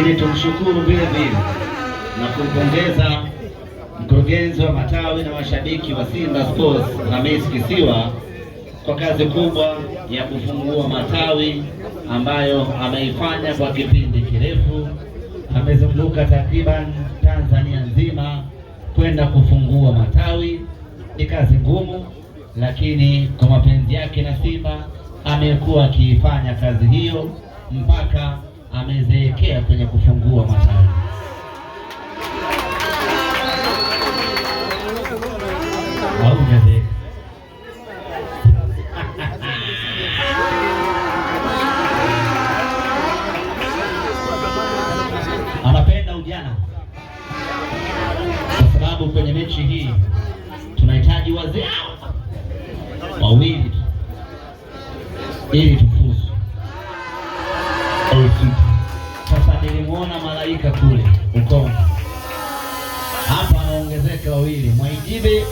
Lakini tumshukuru vile vile na kumpongeza mkurugenzi wa matawi na mashabiki wa Simba Sports Hamisi Kisiwa kwa kazi kubwa ya kufungua matawi ambayo ameifanya kwa kipindi kirefu. Amezunguka takriban Tanzania nzima kwenda kufungua matawi. Ni kazi ngumu, lakini kwa mapenzi yake na Simba amekuwa akiifanya kazi hiyo mpaka amezeekea kwenye kufungua mazao. Anapenda ujana kwa sababu kwenye mechi hii tunahitaji wazee wawili ili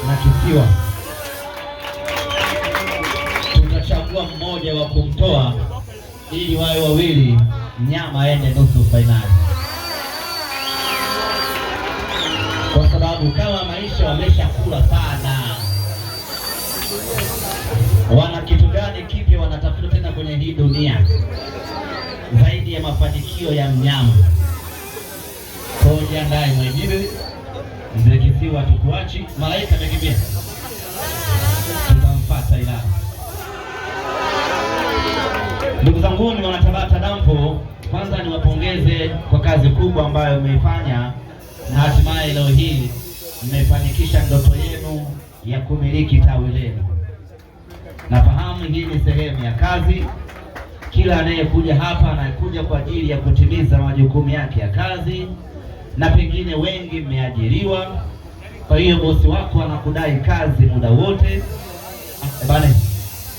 na kisiwa tutachagua mmoja wa kumtoa ili wawe wawili, mnyama aende nusu fainali, kwa sababu kama maisha wameshakula sana, wana kitu gani kipya wanatafuta tena kwenye hii dunia zaidi ya mafanikio ya mnyama? Kwa mwenyewe asifiwe. Hatukuachi malaika atakimbia, tutampata ilani. Ndugu zangu ni wanatabata dampo, kwanza niwapongeze kwa kazi kubwa ambayo mmeifanya na hatimaye leo hii mmefanikisha ndoto yenu ya kumiliki tawi lenu. Nafahamu hii ni sehemu ya kazi kila anayekuja hapa anakuja kwa ajili ya kutimiza majukumu yake ya kazi, na pengine wengi mmeajiriwa. Kwa hiyo bosi wako anakudai kazi muda wote bana.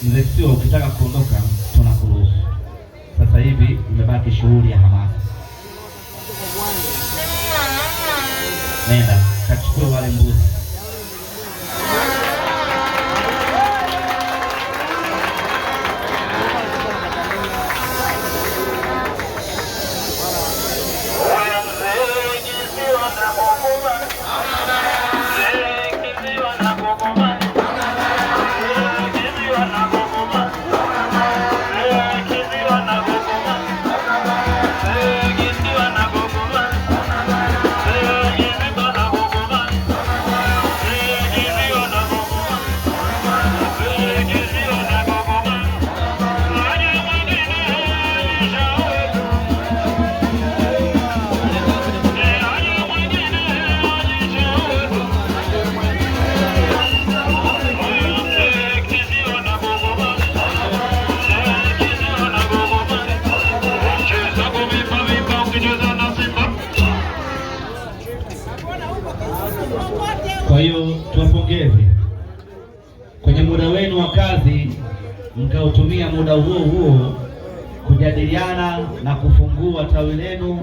Mzee sio, ukitaka kuondoka tunakuruhusu. Sasa hivi imebaki shughuli ya hamasa, nenda mkurugenzi, kwenye muda wenu wa kazi mkautumia muda huo huo kujadiliana na kufungua tawi lenu.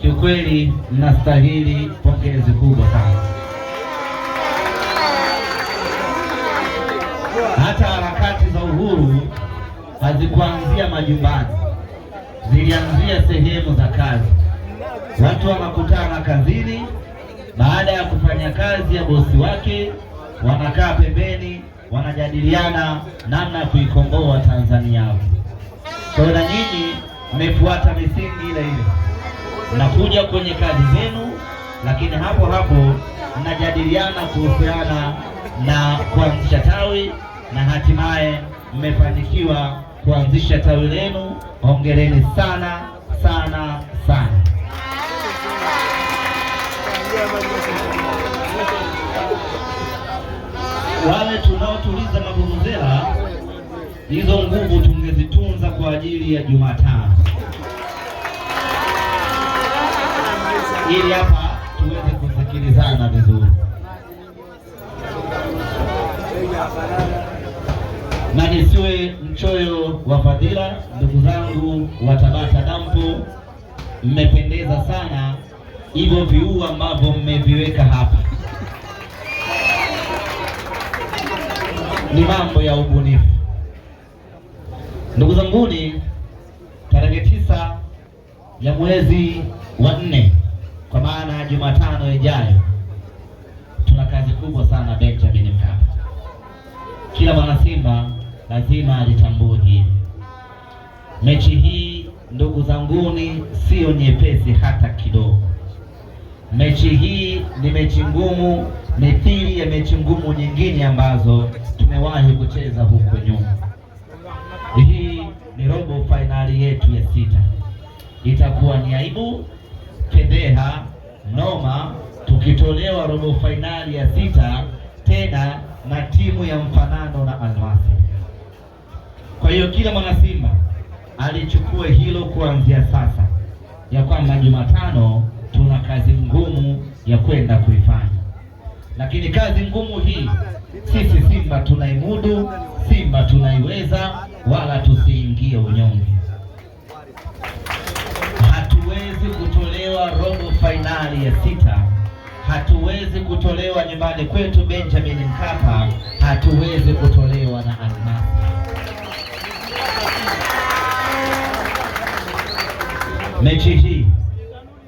Kiukweli mnastahili pongezi kubwa sana. Hata harakati za uhuru hazikuanzia majumbani, zilianzia sehemu za kazi. Watu wanakutana kazini baada ya kufanya kazi ya bosi wake wanakaa pembeni, wanajadiliana namna ya kuikomboa Tanzania yao. Kwa hiyo na nyinyi mmefuata misingi ile ile, mnakuja kwenye kazi zenu, lakini hapo hapo mnajadiliana kuhusiana na kuanzisha tawi na hatimaye mmefanikiwa kuanzisha tawi lenu. Hongereni sana sana sana. wale tunaotuliza mavuvuzela, hizo nguvu tungezitunza kwa ajili ya Jumatano ili hapa tuweze kusikilizana vizuri. Na nisiwe mchoyo wa fadhila, ndugu zangu wa Tabata Dampo, mmependeza sana hivyo viuu ambavyo mmeviweka hapa ni mambo ya ubunifu. Ndugu zanguni, tarehe tisa ya mwezi wa nne, kwa maana ya Jumatano ijayo, tuna kazi kubwa sana Benjamin Mkapa. Kila mwana Simba lazima alitambue hili. Mechi hii ndugu zanguni, siyo nyepesi hata kidogo. Mechi hii ni mechi ngumu mithili ya mechi ngumu nyingine ambazo tumewahi kucheza huko nyuma. Hii ni robo fainali yetu ya sita. Itakuwa ni aibu, fedheha, noma tukitolewa robo fainali ya sita tena na timu ya mfanano na Almasi. Kwa hiyo kila mwanasimba alichukue hilo kuanzia sasa, ya kwamba Jumatano tuna kazi ngumu ya kwenda kuifanya. Lakini kazi ngumu hii sisi Simba tunaimudu, Simba tunaiweza, wala tusiingie unyonge. Hatuwezi kutolewa robo fainali ya sita, hatuwezi kutolewa nyumbani kwetu Benjamin Mkapa, hatuwezi kutolewa na Al Mechi hii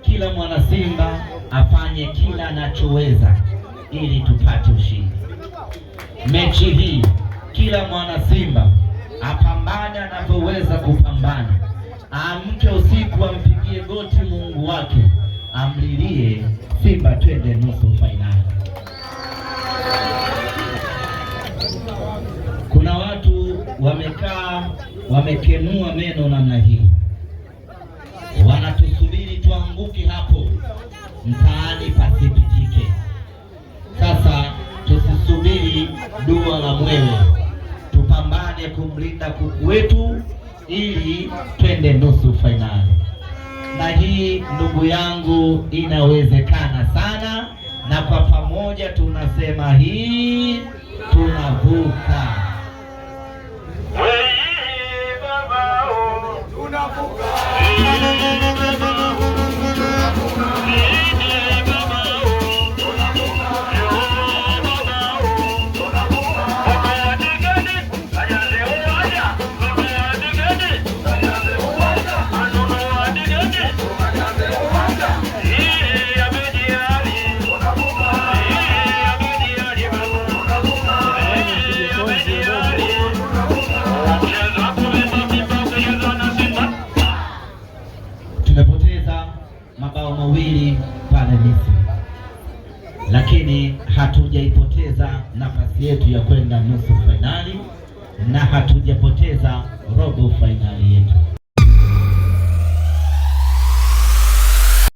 kila mwana Simba afanye kila anachoweza ili tupate ushindi mechi hii. Kila mwana Simba apambane anavyoweza kupambana, amke usiku, ampigie goti Mungu wake, amlilie Simba, twende nusu fainali. Kuna watu wamekaa wamekenua meno namna hii, wanatusubiri tuanguke hapo mtaa kuku wetu ili twende nusu fainali, na hii ndugu yangu inawezekana sana, na kwa pamoja tunasema hii tunavuka, oh. tunavuka. mabao mawili pale Misri, lakini hatujaipoteza nafasi yetu ya kwenda nusu fainali na hatujapoteza robo fainali yetu.